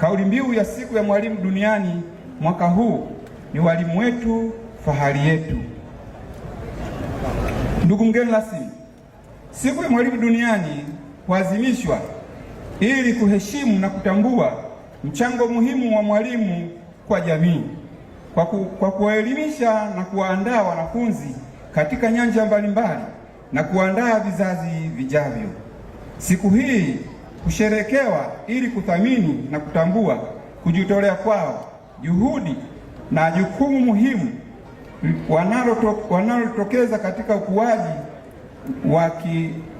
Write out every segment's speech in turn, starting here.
Kauli mbiu ya siku ya mwalimu duniani mwaka huu ni walimu wetu fahari yetu. Ndugu mgeni rasmi, siku ya mwalimu duniani huadhimishwa ili kuheshimu na kutambua mchango muhimu wa mwalimu kwa jamii kwa, ku, kwa kuwaelimisha na kuwaandaa wanafunzi katika nyanja mbalimbali na kuandaa vizazi vijavyo. Siku hii kusherekewa ili kuthamini na kutambua kujitolea kwao, juhudi na jukumu muhimu wanalotokeza katika ukuaji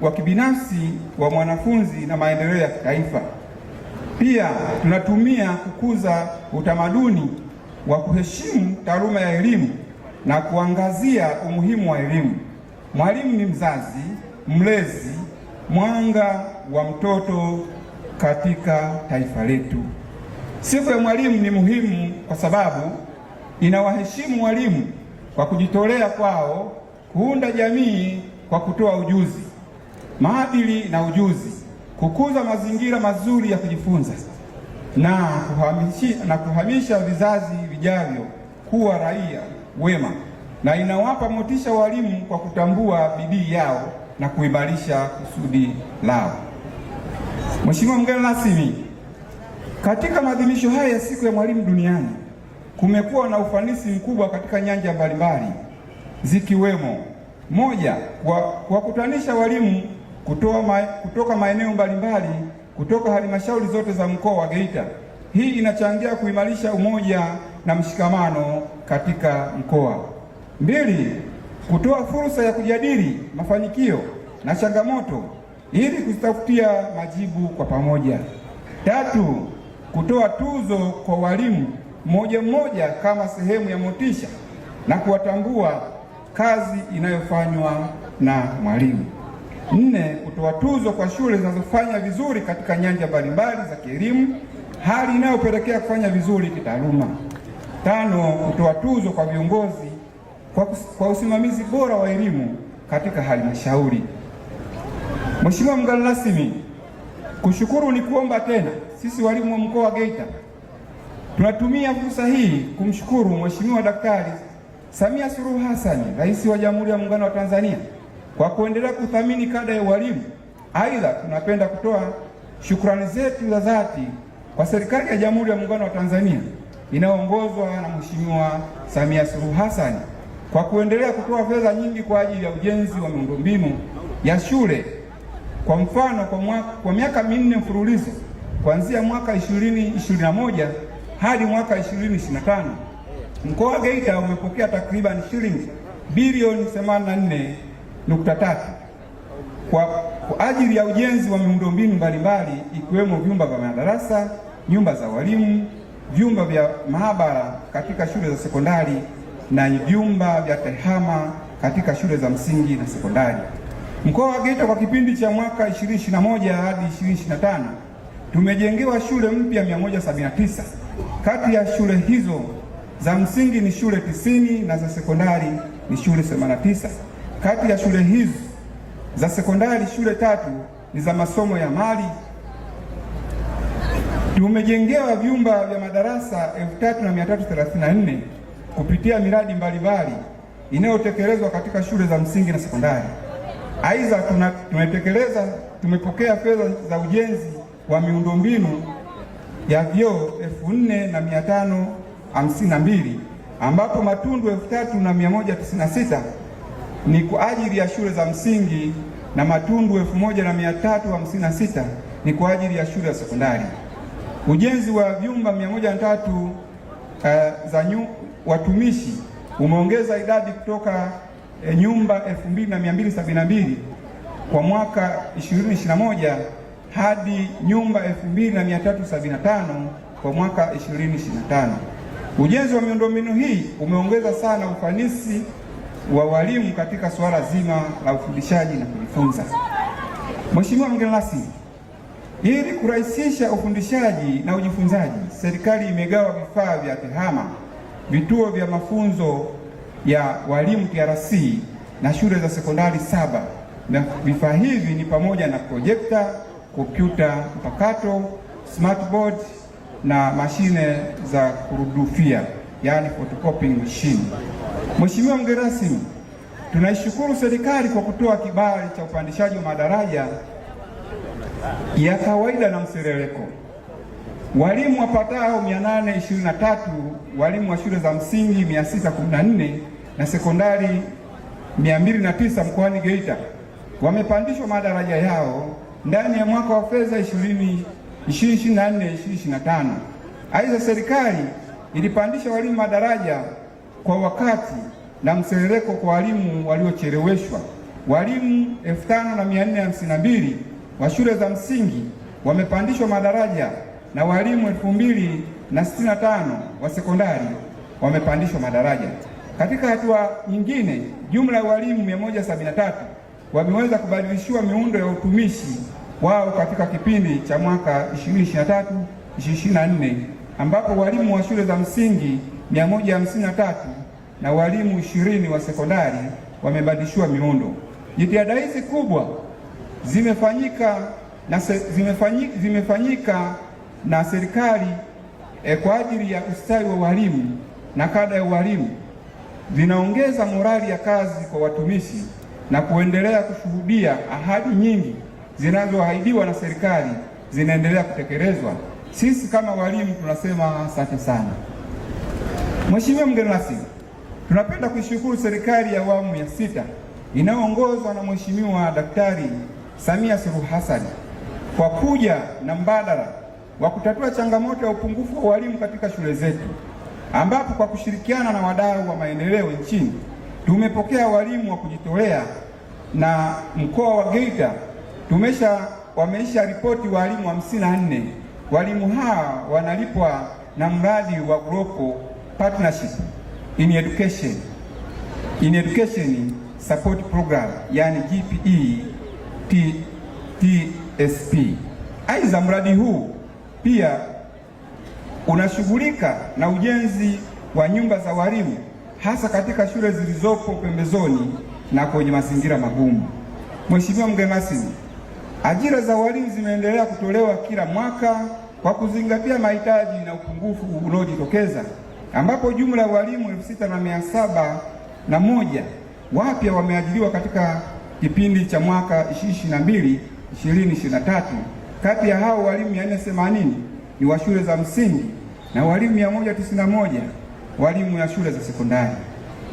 wa kibinafsi wa mwanafunzi na maendeleo ya kitaifa. Pia tunatumia kukuza utamaduni wa kuheshimu taaluma ya elimu na kuangazia umuhimu wa elimu. Mwalimu ni mzazi, mlezi, mwanga wa mtoto katika taifa letu. Siku ya mwalimu ni muhimu kwa sababu inawaheshimu walimu kwa kujitolea kwao kuunda jamii kwa kutoa ujuzi, maadili na ujuzi, kukuza mazingira mazuri ya kujifunza na kuhamisha, na kuhamisha vizazi vijavyo kuwa raia wema, na inawapa motisha walimu kwa kutambua bidii yao na kuimarisha kusudi lao. Mheshimiwa mgeni rasmi, katika maadhimisho haya ya siku ya mwalimu duniani kumekuwa na ufanisi mkubwa katika nyanja mbalimbali zikiwemo: moja, kuwakutanisha walimu kutoa ma, kutoka maeneo mbalimbali kutoka halmashauri zote za mkoa wa Geita. Hii inachangia kuimarisha umoja na mshikamano katika mkoa. Mbili, kutoa fursa ya kujadili mafanikio na changamoto ili kuzitafutia majibu kwa pamoja. Tatu, kutoa tuzo kwa walimu mmoja mmoja kama sehemu ya motisha na kuwatambua kazi inayofanywa na mwalimu. Nne, kutoa tuzo kwa shule zinazofanya vizuri katika nyanja mbalimbali za kielimu, hali inayopelekea kufanya vizuri kitaaluma. Tano, kutoa tuzo kwa viongozi kwa, kwa usimamizi bora wa elimu katika halmashauri. Mheshimiwa mgeni rasmi, kushukuru ni kuomba tena. Sisi walimu wa mkoa wa Geita tunatumia fursa hii kumshukuru Mheshimiwa Daktari Samia Suluhu Hassan, Rais wa Jamhuri ya Muungano wa Tanzania kwa kuendelea kuthamini kada ya walimu. Aidha, tunapenda kutoa shukrani zetu za dhati kwa serikali ya Jamhuri ya Muungano wa Tanzania inayoongozwa na Mheshimiwa Samia Suluhu Hassan kwa kuendelea kutoa fedha nyingi kwa ajili ya ujenzi wa miundombinu ya shule kwa mfano, kwa, mwaka, kwa miaka minne mfululizo kuanzia mwaka 2021 hadi mwaka 2025 mkoa wa Geita umepokea takriban shilingi bilioni 84.3 kwa, kwa ajili ya ujenzi wa miundombinu mbalimbali ikiwemo vyumba vya madarasa, nyumba za walimu, vyumba vya maabara katika shule za sekondari na vyumba vya tehama katika shule za msingi na sekondari. Mkoa wa Geita kwa kipindi cha mwaka 2021 hadi 2025 tumejengewa shule mpya 179. Kati ya shule hizo za msingi ni shule 90 na za sekondari ni shule 89. Kati ya shule hizo za sekondari shule tatu ni za masomo ya mali. Tumejengewa vyumba vya madarasa 3334 kupitia miradi mbalimbali inayotekelezwa katika shule za msingi na sekondari. Aidha, tumetekeleza tumepokea fedha za ujenzi wa miundombinu ya vyoo elfu nne na mia tano hamsini na mbili ambapo matundu elfu tatu na mia moja tisini na sita ni kwa ajili ya shule za msingi na matundu elfu moja na mia tatu hamsini na sita ni kwa ajili ya shule ya sekondari. Ujenzi wa vyumba mia moja na tatu uh, za watumishi umeongeza idadi kutoka e, nyumba 2272 kwa mwaka 2021 hadi nyumba 2375 kwa mwaka 2025. Ujenzi wa miundombinu hii umeongeza sana ufanisi wa walimu katika suala zima la ufundishaji na kujifunza. Mheshimiwa mgeni rasmi, ili kurahisisha ufundishaji na ujifunzaji, serikali imegawa vifaa vya TEHAMA, vituo vya mafunzo ya walimu TRC na shule za sekondari saba, na vifaa hivi ni pamoja na projekta, kompyuta mpakato, smartboard na mashine za kurudufia, yaani photocopying machine. Mheshimiwa mgeni rasmi, tunaishukuru serikali kwa kutoa kibali cha upandishaji wa madaraja ya kawaida na mserereko. Walimu wapatao 823 walimu wa shule za msingi 614 na sekondari 209 mkoani Geita wamepandishwa madaraja yao ndani ya mwaka wa fedha 2024 2025. Aidha, serikali ilipandisha walimu madaraja kwa wakati na mseleleko kwa walimu waliocheleweshwa. Walimu 5452 wa shule za msingi wamepandishwa madaraja na walimu 2065 wa sekondari wamepandishwa madaraja. Katika hatua nyingine, jumla ya walimu 173 wameweza kubadilishiwa miundo ya utumishi wao katika kipindi cha mwaka 2023 2024 ambapo walimu wa shule za msingi 153 na walimu ishirini wa sekondari wamebadilishiwa miundo. Jitihada hizi kubwa zimefanyika na, se, zimefanyi, zimefanyika na serikali eh, kwa ajili ya ustawi wa walimu na kada ya walimu linaongeza morali ya kazi kwa watumishi na kuendelea kushuhudia ahadi nyingi zinazoahidiwa na serikali zinaendelea kutekelezwa. Sisi kama walimu tunasema asante sana. Mheshimiwa mgeni rasmi, tunapenda kuishukuru serikali ya awamu ya sita inayoongozwa na Mheshimiwa Daktari Samia Suluhu Hassan kwa kuja na mbadala wa kutatua changamoto ya upungufu wa walimu katika shule zetu ambapo kwa kushirikiana na wadau wa maendeleo nchini tumepokea walimu wa kujitolea na mkoa wa Geita tumesha wameisha ripoti walimu hamsini na nne. Walimu hawa wanalipwa na mradi wa Global Partnership in Education, in Education Support Program yani GPE TSP. Aidha, mradi huu pia unashughulika na ujenzi wa nyumba za walimu hasa katika shule zilizopo pembezoni na kwenye mazingira magumu. Mheshimiwa mgeni rasmi, ajira za walimu zimeendelea kutolewa kila mwaka kwa kuzingatia mahitaji na upungufu unaojitokeza, ambapo jumla ya walimu elfu sita na mia saba na moja wapya wameajiriwa katika kipindi cha mwaka 2022 2023. Kati ya hao walimu 480 ni wa shule za msingi na walimu 191 walimu ya shule za sekondari.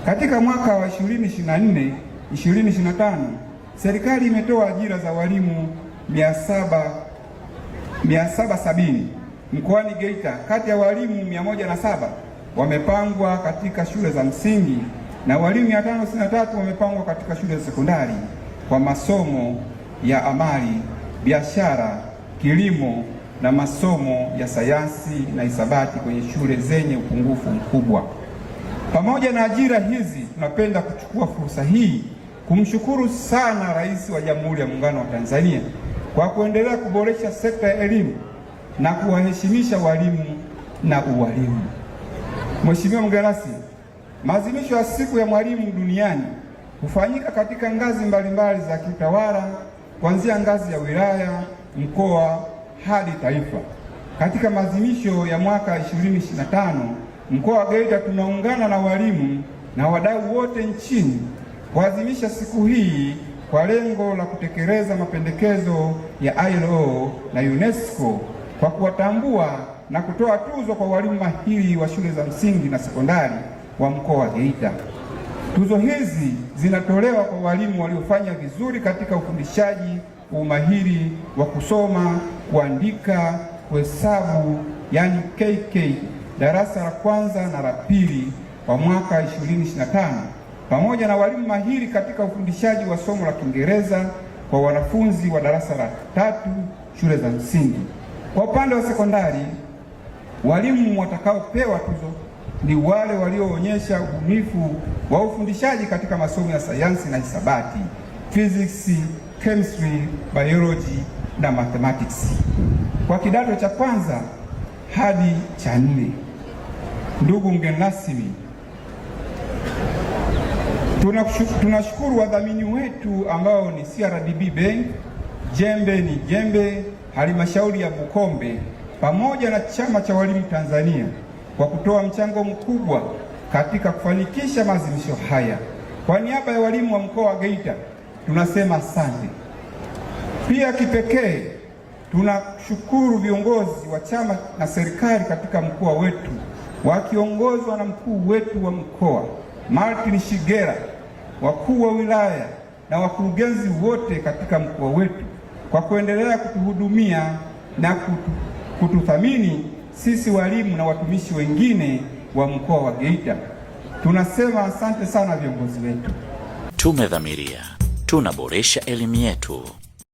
Katika mwaka wa 2024 2025 serikali imetoa ajira za walimu 770 mkoani Geita. Kati ya walimu 107 wamepangwa katika shule za msingi na walimu 563 wamepangwa katika shule za sekondari kwa masomo ya amali, biashara, kilimo na masomo ya sayansi na hisabati kwenye shule zenye upungufu mkubwa. Pamoja na ajira hizi, tunapenda kuchukua fursa hii kumshukuru sana Rais wa Jamhuri ya Muungano wa Tanzania kwa kuendelea kuboresha sekta ya elimu na kuwaheshimisha walimu na uwalimu. Mheshimiwa mgeni rasmi, maadhimisho ya siku ya mwalimu duniani hufanyika katika ngazi mbalimbali za kiutawala kuanzia ngazi ya wilaya, mkoa hadi taifa. Katika maadhimisho ya mwaka 2025 mkoa wa Geita tunaungana na walimu na wadau wote nchini kuadhimisha siku hii kwa lengo la kutekeleza mapendekezo ya ILO na UNESCO kwa kuwatambua na kutoa tuzo kwa walimu mahiri wa shule za msingi na sekondari wa mkoa wa Geita. Tuzo hizi zinatolewa kwa walimu waliofanya vizuri katika ufundishaji umahiri wa kusoma, kuandika, kuhesabu, yani KK darasa la kwanza na la pili wa mwaka 2025 pamoja na walimu mahiri katika ufundishaji wa somo la Kiingereza kwa wanafunzi wa darasa la tatu shule za msingi. Kwa upande wa sekondari, walimu watakaopewa tuzo ni wale walioonyesha ubunifu wa ufundishaji katika masomo ya sayansi na hisabati, physics chemistry, biology na mathematics kwa kidato cha kwanza hadi cha nne. Ndugu mgeni rasmi, tunashukuru wadhamini wetu ambao ni CRDB Bank, jembe ni jembe, halmashauri ya Bukombe pamoja na chama cha walimu Tanzania kwa kutoa mchango mkubwa katika kufanikisha maadhimisho haya. Kwa niaba ya walimu wa mkoa wa Geita tunasema asante. Pia kipekee tunashukuru viongozi wa chama na serikali katika mkoa wetu wakiongozwa na mkuu wetu wa mkoa Martin Shigera, wakuu wa wilaya na wakurugenzi wote katika mkoa wetu kwa kuendelea kutuhudumia na kutu, kututhamini sisi walimu na watumishi wengine wa mkoa wa Geita. Tunasema asante sana viongozi wetu. Tumedhamiria tunaboresha elimu yetu.